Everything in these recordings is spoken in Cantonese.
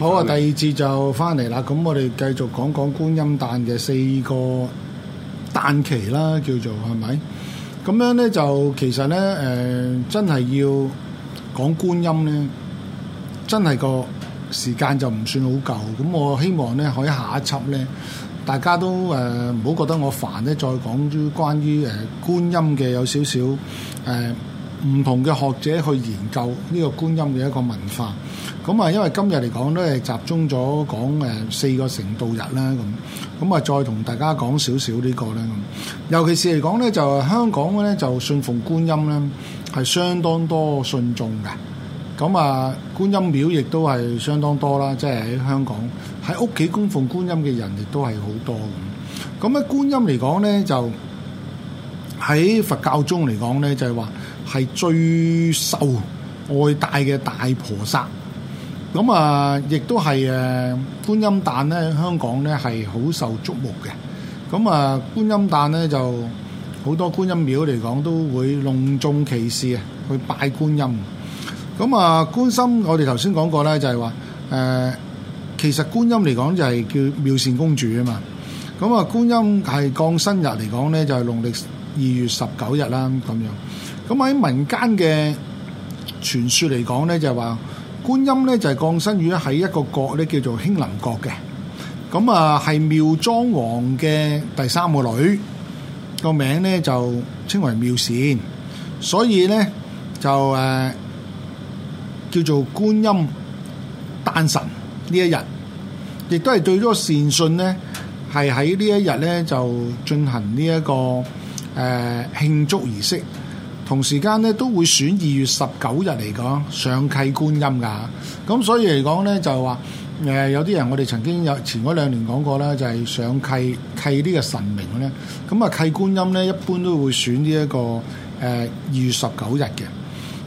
好啊，第二節就翻嚟啦。咁我哋繼續講講觀音誕嘅四個誕期啦，叫做係咪？咁樣咧就其實咧，誒、呃、真係要講觀音咧，真係個時間就唔算好夠。咁我希望咧可以下一輯咧，大家都誒唔好覺得我煩咧，再講啲關於誒、呃、觀音嘅有少少誒。呃唔同嘅學者去研究呢個觀音嘅一個文化，咁啊，因為今日嚟講都係，集中咗講誒四個成道日啦，咁咁啊，再同大家講少少呢個咧，尤其是嚟講咧，就香港嘅咧，就信奉觀音咧，係相當多信眾嘅，咁啊，觀音廟亦都係相當多啦，即係喺香港喺屋企供奉觀音嘅人亦都係好多嘅，咁喺觀音嚟講咧，就喺佛教中嚟講咧，就係話，係最受愛戴嘅大菩薩，咁啊，亦都係誒觀音誕咧。香港咧係好受矚目嘅，咁啊，觀音誕咧就好多觀音廟嚟講都會隆重其事啊，去拜觀音。咁啊，觀音我哋頭先講過咧，就係話誒，其實觀音嚟講就係叫妙善公主啊嘛。咁啊，觀音係降生日嚟講咧，就係農曆二月十九日啦咁樣。咁喺民間嘅傳說嚟講咧，就係話觀音咧就係降生於喺一個國咧叫做興林國嘅，咁啊係妙莊王嘅第三個女，個名咧就稱為妙善，所以咧就誒叫做觀音誕辰呢一日，亦都係對咗善信咧係喺呢一日咧就進行呢、這、一個誒慶、呃、祝儀式。同時間咧都會選二月十九日嚟講上契觀音噶，咁、啊、所以嚟講咧就係話、呃，有啲人我哋曾經有前嗰兩年講過啦，就係、是、上契契呢個神明咧，咁啊契觀音咧一般都會選呢、這、一個誒二、呃、月十九日嘅，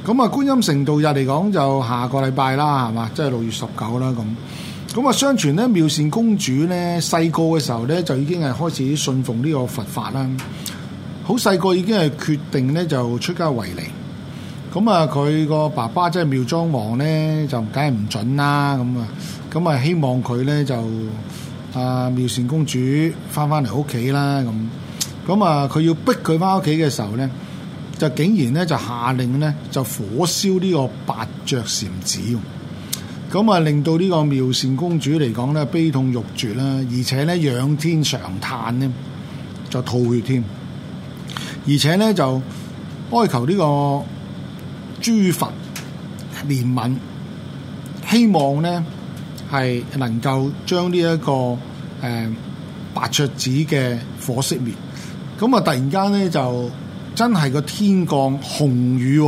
咁啊觀音成道日嚟講就下個禮拜啦，係嘛？即係六月十九啦咁，咁啊，啊相傳咧妙善公主咧細個嘅時候咧就已經係開始信奉呢個佛法啦。好細個已經係決定咧，就出家為尼。咁啊，佢個爸爸即係妙莊王咧，就梗係唔準啦咁啊。咁啊，希望佢咧就啊妙善公主翻翻嚟屋企啦。咁咁啊，佢要逼佢翻屋企嘅時候咧，就竟然咧就下令咧就火燒呢個白雀禪寺。咁啊，令到呢個妙善公主嚟講咧悲痛欲絕啦，而且咧仰天長嘆咧，就吐血添。而且咧就哀求呢個諸佛憐憫，希望咧係能夠將呢、這、一個誒、呃、白雀子嘅火熄滅,滅。咁啊，突然間咧就真係個天降紅雨，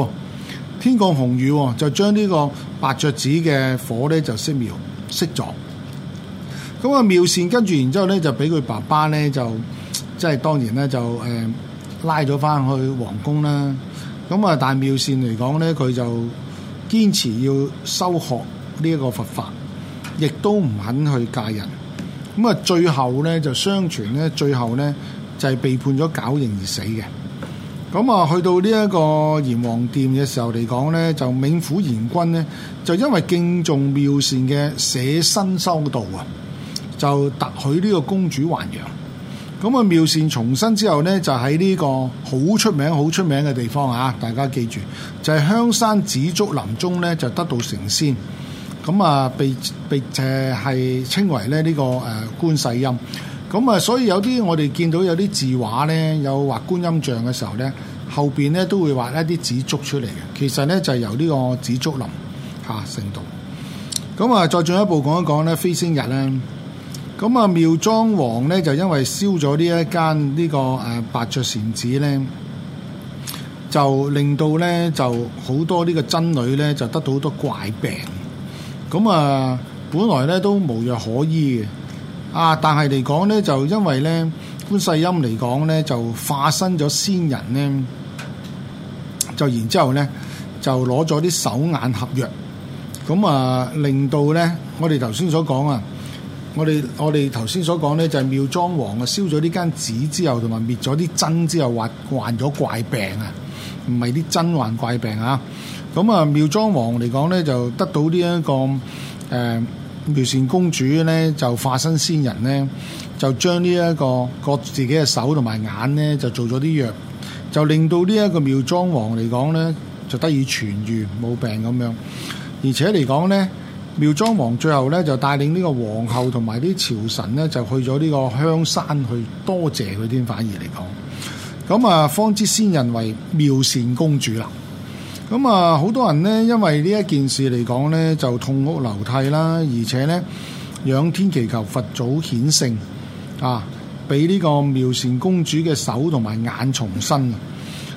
天降紅雨就將呢個白雀子嘅火咧就熄滅熄咗。咁啊，妙善跟住然之後咧就俾佢爸爸咧就即係當然咧就誒。呃拉咗翻去皇宮啦，咁啊，但妙善嚟講咧，佢就堅持要修學呢一個佛法，亦都唔肯去嫁人。咁啊，最後咧就相傳咧，最後咧就係被判咗絞刑而死嘅。咁啊，去到呢一個閻王殿嘅時候嚟講咧，就冥府閻君咧就因為敬重妙善嘅捨身修道啊，就特許呢個公主還陽。咁啊，妙善重生之後咧，就喺呢個好出名、好出名嘅地方啊！大家記住，就係、是、香山紫竹林中咧，就得到成仙。咁啊，被被誒係稱為咧、這、呢個誒、呃、觀世音。咁啊，所以有啲我哋見到有啲字畫咧，有畫觀音像嘅時候咧，後邊咧都會畫一啲紫竹出嚟嘅。其實咧就係由呢個紫竹林嚇、啊、成道。咁啊，再進一步講一講咧飛仙日咧。咁啊，妙莊王咧就因為燒咗呢一間呢個誒白雀禪寺咧，就令到咧就好多呢個真女咧就得到好多怪病。咁啊，本來咧都無藥可醫嘅。啊，但係嚟講咧就因為咧觀世音嚟講咧就化身咗仙人咧，就然之後咧就攞咗啲手眼合藥，咁啊令到咧我哋頭先所講啊。我哋我哋頭先所講咧就係妙莊王啊，燒咗呢間紙之後，同埋滅咗啲針之後，患患咗怪病，怪病啊！唔係啲真患怪病啊！咁啊，妙莊王嚟講咧就得到呢、這、一個誒妙、呃、善公主咧就化身仙人咧，就將呢一個割自己嘅手同埋眼咧就做咗啲藥，就令到呢一個妙莊王嚟講咧就得以痊癒冇病咁樣，而且嚟講咧。妙莊王最後咧就帶領呢個皇后同埋啲朝臣咧就去咗呢個香山去多謝佢添，反而嚟講咁啊，方知先人為妙善公主啦。咁啊，好多人呢，因為呢一件事嚟講呢，就痛哭流涕啦，而且呢，仰天祈求佛祖顯聖啊，俾呢個妙善公主嘅手同埋眼重生。啊。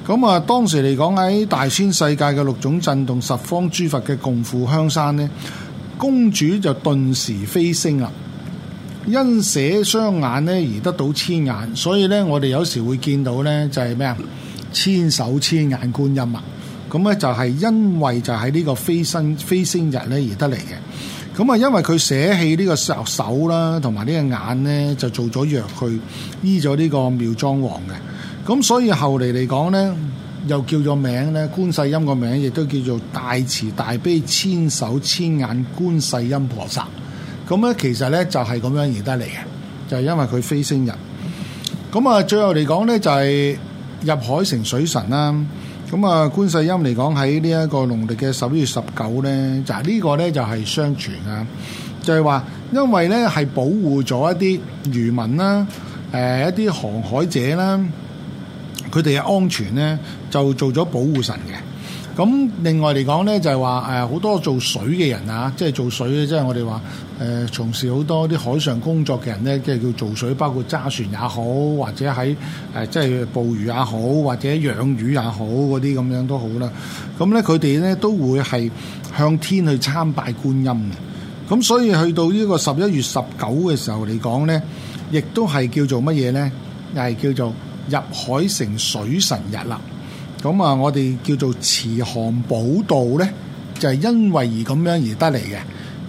咁啊，當時嚟講喺大千世界嘅六種震動十方諸佛嘅共赴香山呢。公主就頓時飛升啦，因捨雙眼咧而得到千眼，所以咧我哋有時會見到咧就係咩啊，千手千眼觀音啊，咁咧就係因為就喺呢個飛升飛升日咧而得嚟嘅，咁啊因為佢捨棄呢個手啦同埋呢個眼咧就做咗藥去醫咗呢個妙莊王嘅，咁所以後嚟嚟講咧。又叫咗名咧，觀世音個名亦都叫做大慈大悲千手千眼觀世音菩薩。咁咧其實咧就係咁樣而得嚟嘅，就係、係、因為佢飛星人。咁啊，最後嚟講咧就係入海成水神啦。咁啊，觀世音嚟講喺呢一個農曆嘅十一月十九咧，就係呢個咧就係相傳啊，就係話因為咧係保護咗一啲漁民啦，誒一啲航海者啦。佢哋嘅安全咧就做咗保護神嘅。咁另外嚟講咧就係話誒好多做水嘅人啊，即係做水即係、就是、我哋話誒從事好多啲海上工作嘅人咧，即係叫做水，包括揸船也好，或者喺誒、呃、即係捕魚也好，或者養魚也好嗰啲咁樣都好啦。咁咧佢哋咧都會係向天去參拜觀音嘅。咁所以去到呢個十一月十九嘅時候嚟講咧，亦都係叫做乜嘢咧？又係叫做入海成水神日啦，咁啊，我哋叫做慈航寶道咧，就係因為而咁樣而得嚟嘅。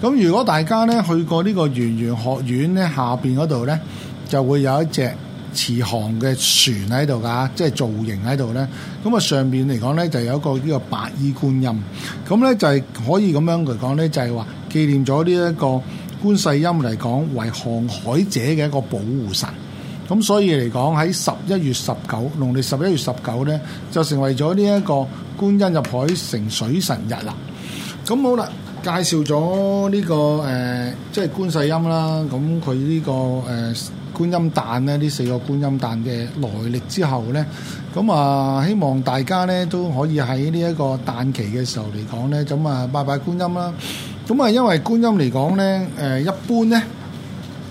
咁如果大家呢去過呢個圓玄學院呢下邊嗰度呢，就會有一隻慈航嘅船喺度噶，即係造型喺度呢。咁啊，上邊嚟講呢，就有一個呢個白衣觀音。咁呢，就係可以咁樣嚟講呢，就係話紀念咗呢一個觀世音嚟講為航海者嘅一個保護神。咁所以嚟講喺十一月十九，農曆十一月十九呢，就成為咗呢一個觀音入海成水神日啦。咁好啦，介紹咗呢個誒、呃，即係觀世音啦。咁佢呢個誒、呃、觀音誕呢，呢四個觀音誕嘅來歷之後呢，咁啊，希望大家呢都可以喺呢一個誕期嘅時候嚟講呢。咁、嗯、啊拜拜觀音啦。咁、嗯、啊，因為觀音嚟講呢，誒、呃、一般呢。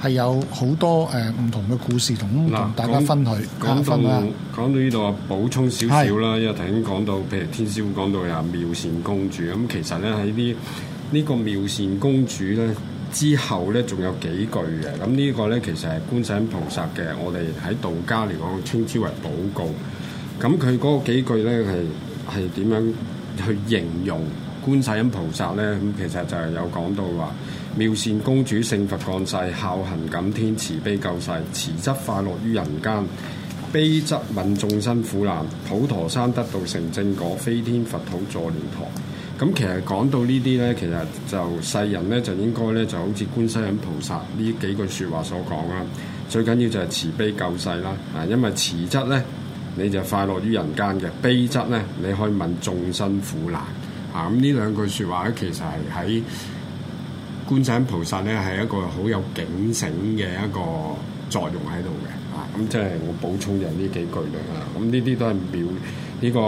係有好多誒唔、呃、同嘅故事，同大家分享、講分享啊！講到呢度啊，補充少少啦，是因為頭先講到，譬如天獅講到有妙善公主咁，其實咧喺啲呢個妙善公主咧之後咧，仲有幾句嘅。咁、這、呢個咧其實係觀世音菩薩嘅。我哋喺道家嚟講，稱之為寶誥。咁佢嗰幾句咧係係點樣去形容觀世音菩薩咧？咁其實就係有講到話。妙善公主聖佛降世，孝行感天，慈悲救世。慈則快樂於人間，悲則憫眾生苦難。普陀山得道成正果，飛天佛土坐蓮台。咁其實講到呢啲呢，其實就世人呢，就應該呢，就好似觀世音菩薩呢幾句說話所講啦，最緊要就係慈悲救世啦啊！因為慈則呢，你就快樂於人間嘅，悲則呢，你可以憫眾生苦難啊！咁呢兩句說話咧，其實係喺觀世菩薩咧係一個好有警醒嘅一個作用喺度嘅，啊咁即係我補充就呢幾句啦。咁呢啲都係妙呢個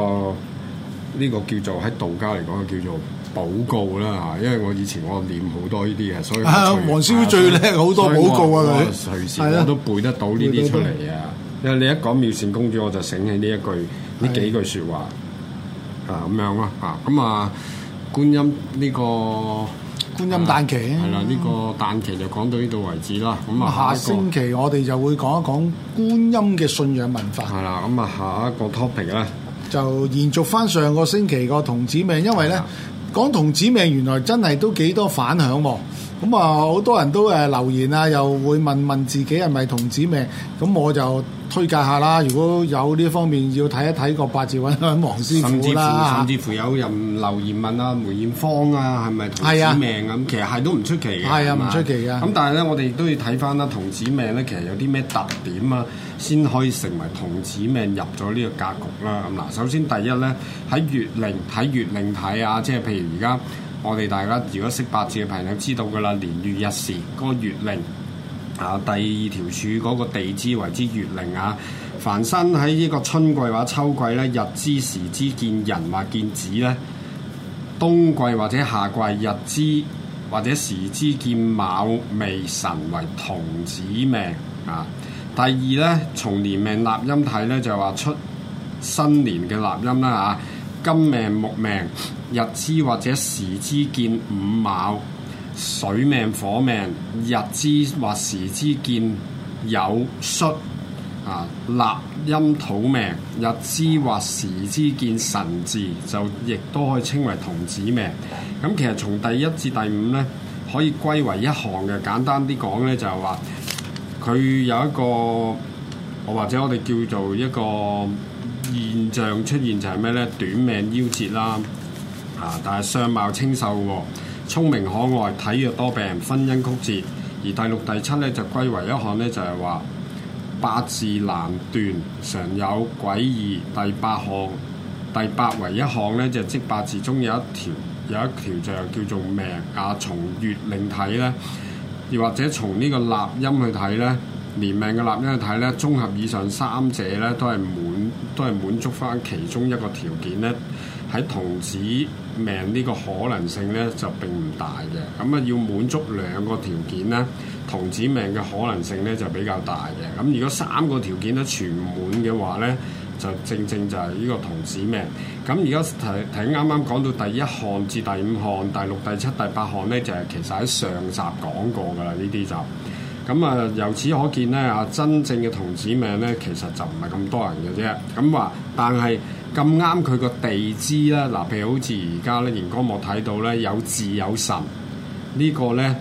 呢、這個叫做喺道家嚟講叫做寶告啦嚇。因為我以前我念好多呢啲嘅，所以、啊、黃師傅最叻好多寶告啊佢。隨時我都背得到呢啲出嚟啊！因為你一講妙善公主，我就醒起呢一句呢的幾句説話啊咁樣咯啊咁啊，觀音呢、這個。觀音誕期係啦，呢的、啊、個誕期就講到呢度為止啦。咁啊、嗯，下、下星期我哋就會講一講觀音嘅信仰文化。係啦，咁啊，下一個 topic 啦，就延續翻上個星期個童子命，因為咧的講童子命原來真係都幾多反響喎。咁啊，好多人都誒留言啊，又會問問自己係咪童子命，咁我就。推介下啦，如果有呢方面要睇一睇個八字，揾下黃師傅甚、啊、甚至乎有人留言問啊，梅艷芳啊，係咪童子命咁啊？啊、其實係都唔出奇嘅，係啊，唔出吧奇啊。咁但係咧，我哋亦都要睇翻啦，童子命咧其實有啲咩特點啊，先可以成為童子命入咗呢個格局啦。咁嗱，首先第一咧，喺月令，睇月令睇啊，即係譬如而家我哋大家如果識八字嘅朋友知道㗎啦，年月日時個月令。月啊！第二條柱嗰個地支為之月令啊，凡生喺呢個春季或秋季咧，日之時之見人或見子咧，冬季或者夏季日之或者時之見卯未辰為童子命啊。第二咧，從年命納音睇咧，就話出新年嘅納音啦啊，金命木命日之或者時之見五卯。水命、火命、日支或時支見酉戌，啊，納音土命，日支或時支見神字，就亦都可以稱為童子命。咁其實從第一至第五呢，可以歸為一行嘅。簡單啲講呢，就係話佢有一個，或者我哋叫做一個現象出現就係、是、咩呢？短命夭折啦，啊，但係相貌清秀喎。聰明可愛、體弱多病、婚姻曲折，而第六、第七咧就歸為一項咧，就係話八字難斷，常有詭異。第八項、第八為一項咧，就即八字中有一條，有一條就叫做命啊，從月令睇咧，又或者從呢個納音去睇咧，年命嘅納音去睇咧，綜合以上三者咧，都係滿，都係滿足翻其中一個條件咧。喺童子命呢個可能性呢，就並唔大嘅，咁啊要滿足兩個條件呢，童子命嘅可能性呢，就比較大嘅。咁如果三個條件都全滿嘅話呢，就正正就係呢個童子命。咁而家睇睇啱啱講到第一項至第五項、第六、第七、第八項呢，就係、是、其實喺上集講過㗎啦，呢啲就。咁啊、嗯，由此可見咧啊，真正嘅童子命咧，其實就唔係咁多人嘅啫。咁、嗯、話，但係咁啱佢個地支咧，嗱，譬如好似而家咧，螢光幕睇到咧有字有神，這個、呢個咧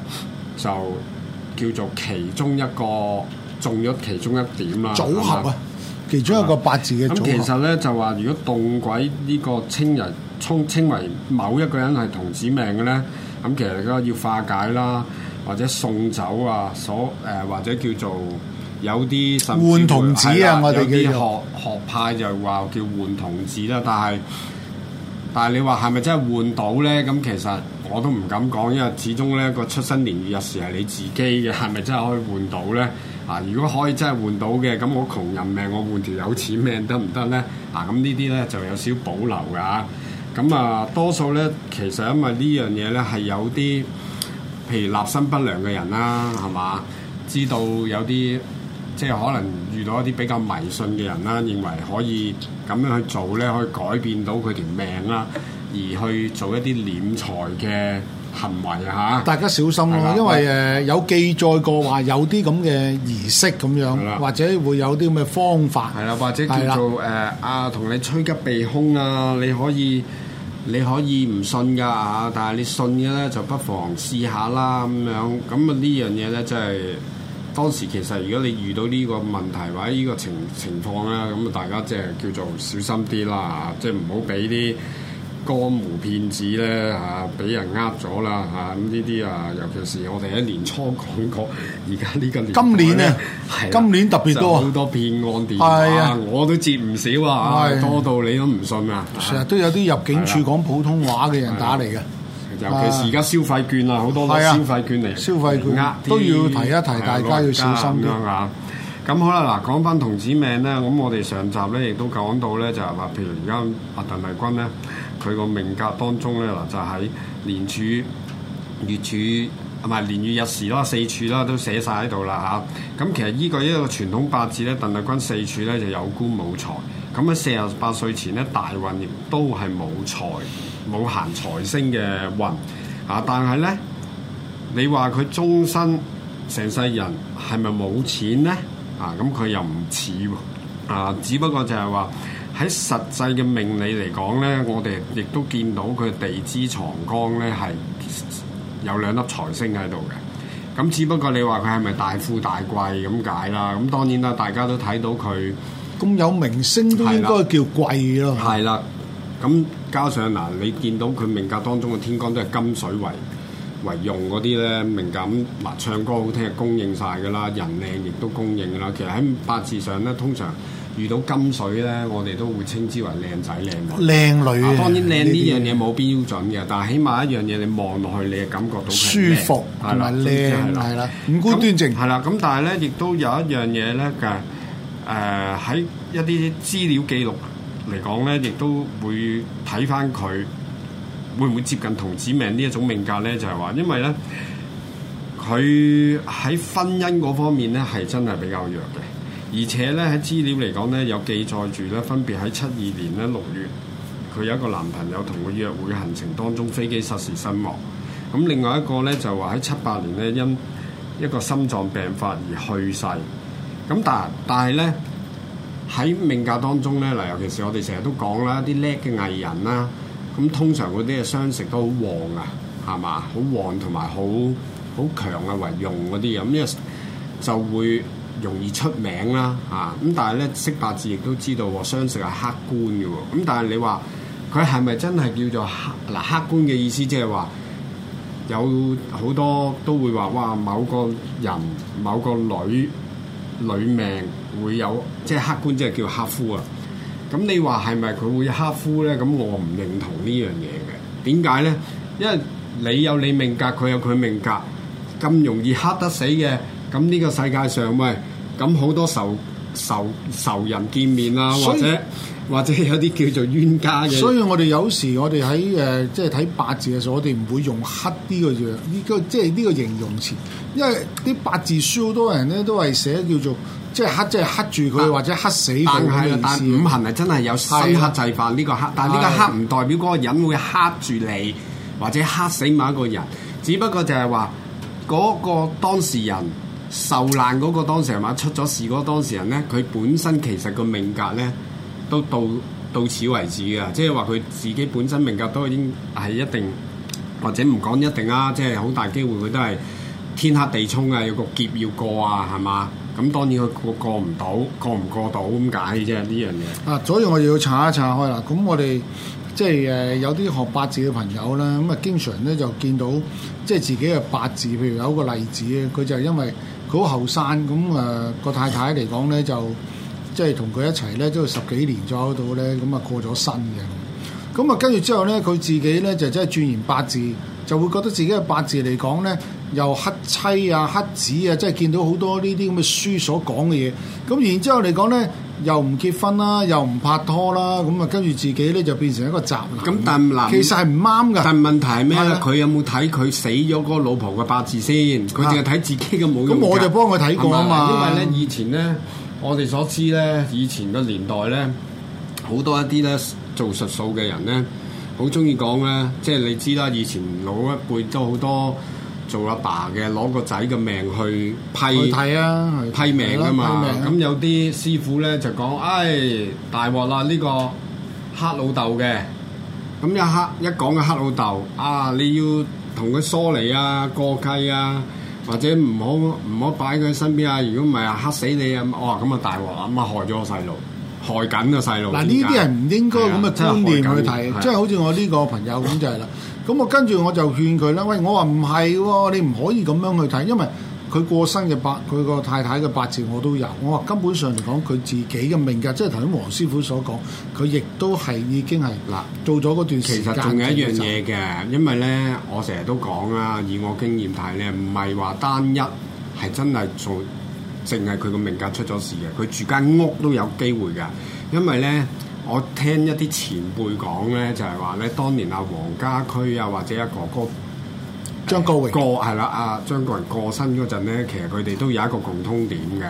就叫做其中一個中咗其中一點啦。組合啊，吧其中一個八字嘅咁、嗯、其實咧就話，如果動鬼呢個稱人充稱為某一個人係童子命嘅咧，咁、嗯、其實而家要化解啦。或者送走啊，所誒、呃、或者叫做有啲神。換童子啊，的我哋啲學學派就話叫換童子啦，但係但係你話係咪真係換到咧？咁其實我都唔敢講，因為始終咧個出生年月日時係你自己嘅，係咪真係可以換到咧？啊，如果可以真係換到嘅，咁我窮人命，我換條有錢命得唔得咧？啊，咁呢啲咧就有少保留㗎、啊。咁啊，多數咧其實因為呢樣嘢咧係有啲。譬如立心不良嘅人啦，係嘛？知道有啲即係可能遇到一啲比較迷信嘅人啦，認為可以咁樣去做咧，可以改變到佢條命啦，而去做一啲斂財嘅行為啊嚇！大家小心咯、啊，的因為誒、啊、有記載過話有啲咁嘅儀式咁樣，的或者會有啲咁嘅方法，係啦，或者叫做誒的啊，同你趨吉避凶啊，你可以。你可以唔信㗎吓，但係你信嘅咧就不妨試下啦咁樣。咁啊呢樣嘢咧，即係、就是、當時其實如果你遇到呢個問題或者呢個情情況咧，咁啊大家即係叫做小心啲啦，即係唔好俾啲。江湖騙子咧，嚇俾人呃咗啦，嚇，咁呢啲啊，尤其是我哋喺年初講過，而家呢個年，今年咧，今年特別多好多騙案電話，我都接唔少啊，多到你都唔信啊。成日都有啲入境處講普通話嘅人打嚟嘅，尤其是而家消費券啊，好多都消費券嚟，消費券呃都要提一提，大家要小心啲。咁好啦，嗱，講翻童子命咧，咁我哋上集咧亦都講到咧，就係話譬如而家阿鄧麗君咧。佢個命格當中咧嗱，就喺、是、年柱、月柱，係咪年月日時啦，四柱啦都寫晒喺度啦嚇。咁、啊、其實依個一個傳統八字咧，鄧麗君四柱咧就有官冇財。咁喺四十八歲前咧，大運亦都係冇財、冇行財星嘅運。啊，但係咧，你話佢終身成世人係咪冇錢咧？啊，咁佢又唔似喎。啊，只不過就係話。喺實際嘅命理嚟講咧，我哋亦都見到佢地支藏干咧係有兩粒財星喺度嘅。咁只不過你話佢係咪大富大貴咁解啦？咁當然啦，大家都睇到佢咁有名聲都應該叫貴咯。係啦，咁加上嗱，你見到佢命格當中嘅天干都係金水為為用嗰啲咧，命格咁嗱唱歌好聽，係供應曬噶啦，人靚亦都供應噶啦。其實喺八字上咧，通常遇到金水咧，我哋都會稱之為靚仔靚女。靚女啊，當然靚呢樣嘢冇標準嘅，但係起碼一樣嘢你望落去，你就感覺到舒服同埋靚係啦，五官端正係啦。咁但係咧，亦都有一樣嘢咧嘅誒，喺、呃、一啲資料記錄嚟講咧，亦都會睇翻佢會唔會接近童子命呢一種命格咧，就係、是、話，因為咧佢喺婚姻嗰方面咧，係真係比較弱嘅。而且咧喺資料嚟講咧，有記載住咧，分別喺七二年咧六月，佢有一個男朋友同佢約會行程當中飛機失事身亡。咁、嗯、另外一個咧就話喺七八年咧因一個心臟病發而去世。咁、嗯、但但係咧喺命格當中咧嗱，尤其是我哋成日都講啦，啲叻嘅藝人啦、啊，咁、嗯、通常嗰啲嘅傷食都好旺啊，係嘛？好旺同埋好好強啊，為用嗰啲咁，因、嗯、就會。容易出名啦，啊咁！但係咧識八字亦都知道，傷官係剋官嘅喎。咁但係你話佢係咪真係叫做剋嗱？剋官嘅意思即係話有好多都會話哇，某個人某個女女命會有即係剋官，即係叫克夫啊。咁你話係咪佢會克夫咧？咁我唔認同呢樣嘢嘅。點解咧？因為你有你命格，佢有佢命格，咁容易克得死嘅。咁呢個世界上喂，咁好多仇仇仇人見面啊，以或者或者有啲叫做冤家嘅。所以我哋有時我哋喺誒即係睇八字嘅時候，我哋唔會用黑啲嘅字，呢個即係呢個形容詞，因為啲八字書好多人咧都係寫叫做即係、就是、黑即係、就是、黑住佢但或者黑死但是但。但係五行係真係有深刻制法生克制化呢的個黑，但係呢個黑唔代表嗰個人會黑住你的或者黑死某一個人，只不過就係話嗰個當事人。嗰個受難嗰個當事人嘛，出咗事嗰個當事人咧，佢本身其實個命格咧都到到此為止嘅，即係話佢自己本身命格都已經係一定或者唔講一定啦，啊，即係好大機會佢都係天黑地沖啊，有個劫要過啊，係嘛？咁當然佢過過唔到，過唔過到咁解啫，呢樣嘢啊，所以我哋要查一查開啦。咁我哋即係誒有啲學八字嘅朋友啦，咁啊經常咧就見到即係自己嘅八字，譬如有一個例子咧，佢就係因為好後生咁誒個太太嚟講咧，就即係同佢一齊咧，都十幾年咗到咧，咁啊過咗身嘅。咁啊跟住之後咧，佢自己咧就真係鑽研八字，就會覺得自己嘅八字嚟講咧，又剋妻啊、剋子啊，即係見到好多呢啲咁嘅書所講嘅嘢。咁然之後嚟講咧，又唔結婚啦，又唔拍拖啦，咁啊跟住自己咧就變成一個宅男。咁但係其實係唔啱嘅。但問題係咩咧？佢的有冇睇佢死咗個老婆嘅八字先？佢淨係睇自己嘅冇用嘅。咁我就幫佢睇過啊嘛。的的因為咧以前咧，我哋所知咧，以前嘅年代咧，好多一啲咧做術數嘅人咧，好中意講咧，即係你知啦，以前老一輩都好多。做阿爸嘅攞個仔嘅命去批，去啊、批命啊嘛！咁、啊、有啲師傅咧就講：唉、哎，大鑊啦！呢、呢個黑老豆嘅，咁一黑一講嘅黑老豆啊，你要同佢疏離啊，過契啊，或者唔好唔好擺佢喺身邊啊！如果唔係啊，黑死你啊！媽媽我話咁啊大鑊，咁啊害咗我細路。害緊個細路嗱，呢啲何人唔應該咁嘅觀念去睇，即係好似我呢個朋友咁就係啦。咁我跟住我就勸佢啦，喂，我話唔係喎，你唔可以咁樣去睇，因為佢過生嘅八，佢個太太嘅八字我都有。我話根本上嚟講，佢自己嘅命㗎，即係頭先黃師傅所講，佢亦都係已經係嗱做咗嗰段時間。其實仲有一樣嘢嘅，因為咧，我成日都講啦，以我經驗睇咧，唔係話單一係真係做，淨係佢個名格出咗事嘅，佢住間屋都有機會㗎。因為咧，我聽一啲前輩講咧，就係話咧，當年阿黃家駒啊，或者阿哥哥張國榮、欸、過係啦，阿、啊、張國榮過身嗰陣咧，其實佢哋都有一個共通點嘅，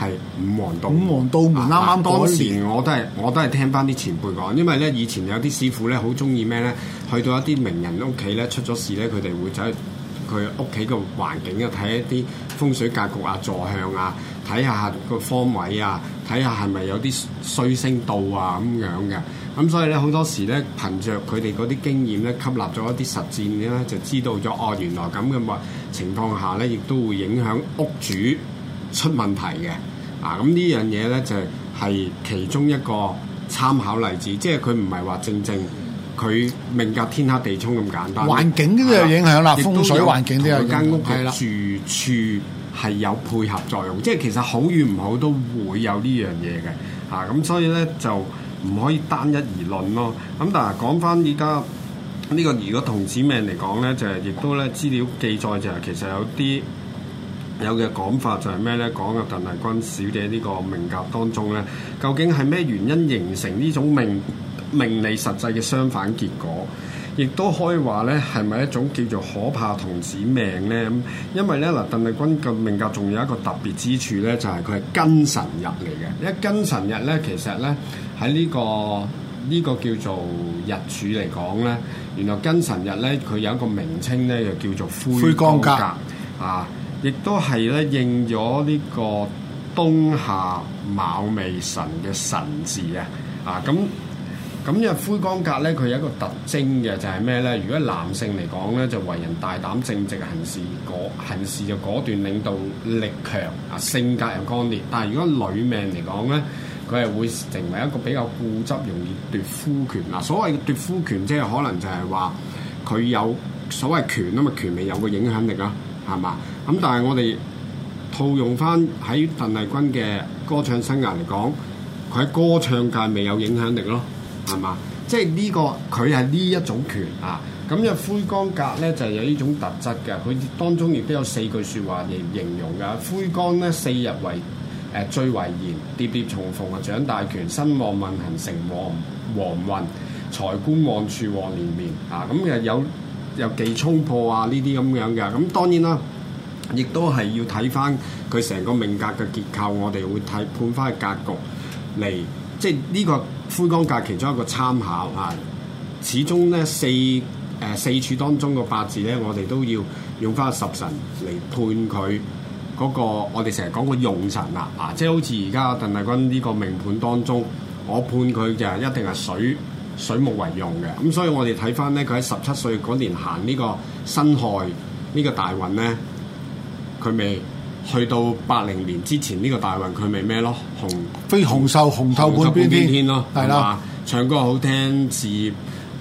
係五黃道。五黃道。啱啱嗰時、啊、當年我都係我都係聽翻啲前輩講，因為咧以前有啲師傅咧好中意咩咧，去到一啲名人屋企咧出咗事咧，佢哋會走佢屋企個環境啊，睇一啲。風水格局啊、坐向啊，睇下個方位啊，睇下係咪有啲衰星度啊咁樣嘅，咁所以咧好多時咧，憑着佢哋嗰啲經驗咧，吸納咗一啲實戰咧，就知道咗哦，原來咁嘅情況下咧，亦都會影響屋主出問題嘅，啊，咁呢樣嘢咧就係、是、其中一個參考例子，即係佢唔係話正正。佢命格天剋地沖咁簡單，環境都有影響啦，的風水環境有影響都有間屋住處係有配合作用，是的 即係其實好與唔好都會有呢樣嘢嘅嚇，咁、啊、所以咧就唔可以單一而論咯。咁但係講翻依家呢個如果童子命嚟講咧，就係、是、亦都咧資料記載就係其實有啲有嘅講法就係咩咧，講阿鄧麗君小姐呢個命格當中咧，究竟係咩原因形成呢種命？名利實際嘅相反結果，亦都可以話咧，係咪一種叫做可怕童子命咧？因為咧嗱，鄧麗君嘅命格仲有一個特別之處咧，就係佢係庚辰日嚟嘅。因為庚辰日咧，其實咧喺呢、呢個呢、呢個叫做日柱嚟講咧，原來庚辰日咧，佢有一個名稱咧，就叫做魁罡、魁罡格啊，亦都係咧應咗呢個冬夏卯未辰嘅辰字啊，啊咁。咁因為灰光格咧，佢有一個特徵嘅就係咩咧？如果男性嚟講咧，就為人大膽正直行事，果行事就果斷領導力強，啊，性格又剛烈。但係如果女命嚟講咧，佢係會成為一個比較固執，容易奪夫權。嗱，所謂奪夫權，即係可能就係話，佢有所謂權啊嘛，權未有個影響力啦，係嘛？咁但係我哋套用翻喺鄧麗君嘅歌唱生涯嚟講，佢喺歌唱界未有影響力咯。係嘛？即係呢、這個佢係呢一種權啊。咁嘅魁罡格咧就係有呢種特質嘅，佢當中亦都有四句説話嚟形容嘅。魁罡咧四日為誒最、啊、為嚴，疊疊重逢啊！掌大權，身旺運行成旺旺運，財官望處禍連綿啊！咁又有有幾衝破啊？呢啲咁樣嘅咁、啊、當然啦，亦都係要睇翻佢成個命格嘅結構，我哋會睇判翻個格局嚟，即係呢、這個。灰光格其中一個參考嚇，始終咧四誒、呃、四柱當中嘅八字咧，我哋都要用翻十神嚟判佢嗰、嗰個，我哋成日講個用神啊，啊，即係好似而家鄧麗君呢個命盤當中，我判佢就係一定係水水木為用嘅，咁所以我哋睇翻咧，佢喺十七歲嗰年行呢個辛亥呢、呢個大運咧，佢未。去到八零年之前呢個大運，佢咪咩咯？紅非紅秀紅透半邊天咯，係啦吧。吧唱歌好聽，事業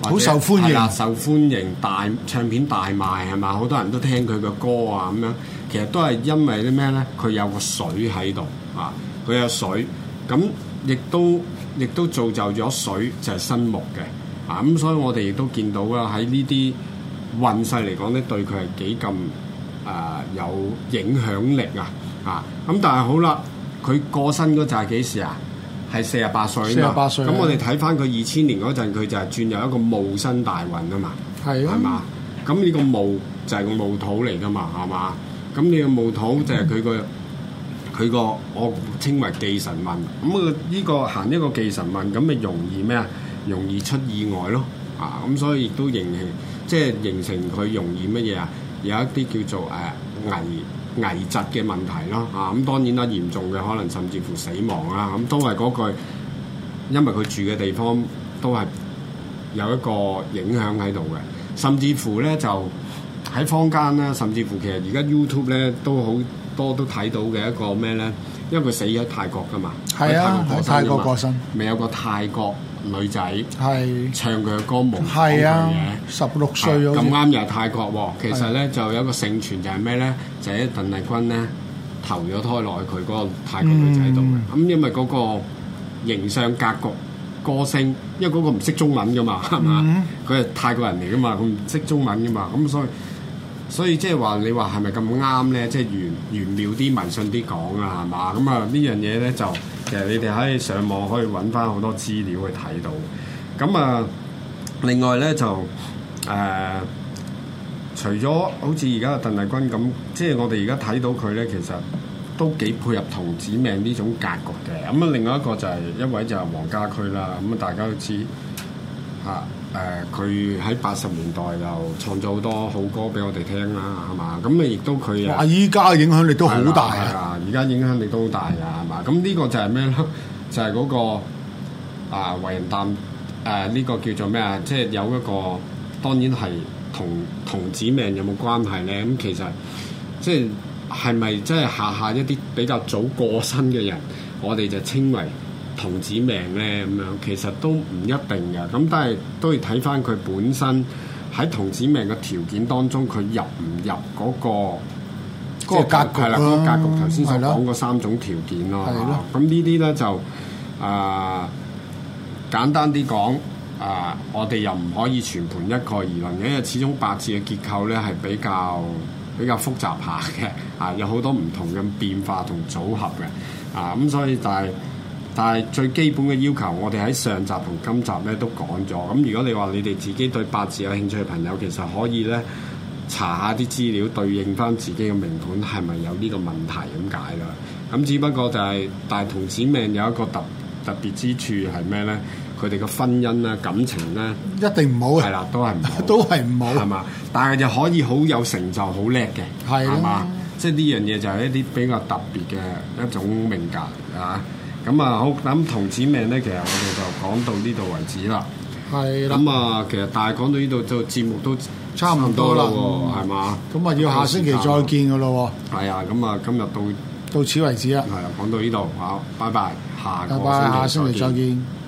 好受歡迎，受歡迎大唱片大賣係嘛？好多人都聽佢嘅歌啊咁樣。其實都係因為啲咩咧？佢有個水喺度啊，佢有水咁，亦都亦都造就咗水就係、是、新木嘅啊。咁所以我哋亦都見到啦喺呢啲運勢嚟講咧，對佢係幾咁。誒、呃，有影響力啊！啊，咁但係好啦，佢過身嗰陣係幾時啊？係四十八歲，四十八歲。咁、啊、我哋睇翻佢二千年嗰陣，佢就係轉入一個戊申大運啊嘛。係啊。係、就是、嘛？咁呢個戊就係個戊土嚟噶嘛，係嘛？咁你個戊土就係佢個佢個，我稱為忌神運。咁啊，呢個行一個忌神運，咁咪容易咩啊？容易出意外咯！啊，咁所以亦都形成，即係形成佢容易乜嘢啊？有一啲叫做誒危危疾嘅問題咯。啊，咁當然啦、啊，嚴重嘅可能甚至乎死亡啦，咁、啊、都係嗰句，因為佢住嘅地方都係有一個影響喺度嘅，甚至乎咧就喺坊間咧，甚至乎其實而家 YouTube 咧都好多都睇到嘅一個咩咧，因為佢死咗喺泰國噶嘛，係、啊、泰國過身嘛，未有個泰國。女仔係是唱佢嘅歌冇，係啊，十六歲咁啱又係泰國喎。其實咧、啊、就有一個盛傳就係咩咧，就係、是、鄧麗君咧投咗胎落去佢嗰個泰國女仔度咁，、嗯、因為嗰個形象格局、歌聲，因為嗰個唔識中文噶嘛，係嘛、嗯？佢係 泰國人嚟噶嘛，佢唔識中文噶嘛，咁所以。所以即係話你話係咪咁啱咧？即係玄玄妙啲、迷信啲講啊，係嘛？咁啊呢樣嘢咧就其實你哋喺上網可以揾翻好多資料去睇到。咁啊，另外咧就誒、呃，除咗好似而家鄧麗君咁，即係我哋而家睇到佢咧，其實都幾配合童子命呢種格局嘅。咁啊，另外一個就係、是、一位就係黃家駒啦。咁啊，大家都知嚇。啊。誒，佢喺八十年代又創作好多好歌俾我哋聽啦，係嘛？咁咪亦都佢啊！依家嘅影響力都好大啊！而家影響力都好大啊，係嘛？咁呢個就係咩咯？就係、是、嗰、那個啊、呃，為人擔誒呢、呃這個叫做咩啊？即、就、係、是、有一個，當然係同童子命有冇關係咧？咁其實即係係咪即係下下一啲比較早過身嘅人，我哋就稱為？童子命咧咁樣，其實都唔一定嘅。咁但係都要睇翻佢本身喺童子命嘅條件當中，佢入唔入嗰、嗰個即係格局咯？係格局頭先的所講嗰三種條件咯。咁的、啊、呢啲咧就啊簡單啲講啊，我哋又唔可以全盤一概而論嘅，因為始終八字嘅結構咧係比較比較複雜下嘅。啊，有好多唔同嘅變化同組合嘅。啊，咁所以但、就、係、係。但係最基本嘅要求，我哋喺上集同今集咧都講咗。咁如果你話你哋自己對八字有興趣嘅朋友，其實可以咧查下啲資料，對應翻自己嘅命盤，係咪有呢個問題咁解啦？咁只不過就係、是，但係童子命有一個特特別之處係咩咧？佢哋嘅婚姻咧、感情咧，一定唔好，係啦，都係唔好，都係唔好，係嘛？但係就可以好有成就、好叻嘅，係嘛的的？即係呢樣嘢就係一啲比較特別嘅一種命格，係、啊咁啊，好咁童子命咧，其實我哋就講到呢度為止啦。係的。咁啊，其實但係講到呢度，就節目都差唔多啦，係嘛？咁、嗯、啊，吧要下星期再見嘅咯喎。係啊，咁啊，今日到到此為止啦。係啊，講到呢度，好，拜拜。下個星期拜拜，下星期再見。